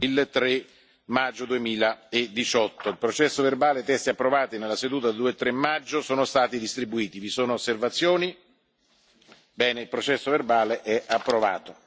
il tre maggio. duemiladiciotto il processo verbale e i testi approvati nella seduta del due e tre maggio sono stati distribuiti. vi sono osservazioni? il processo verbale è approvato.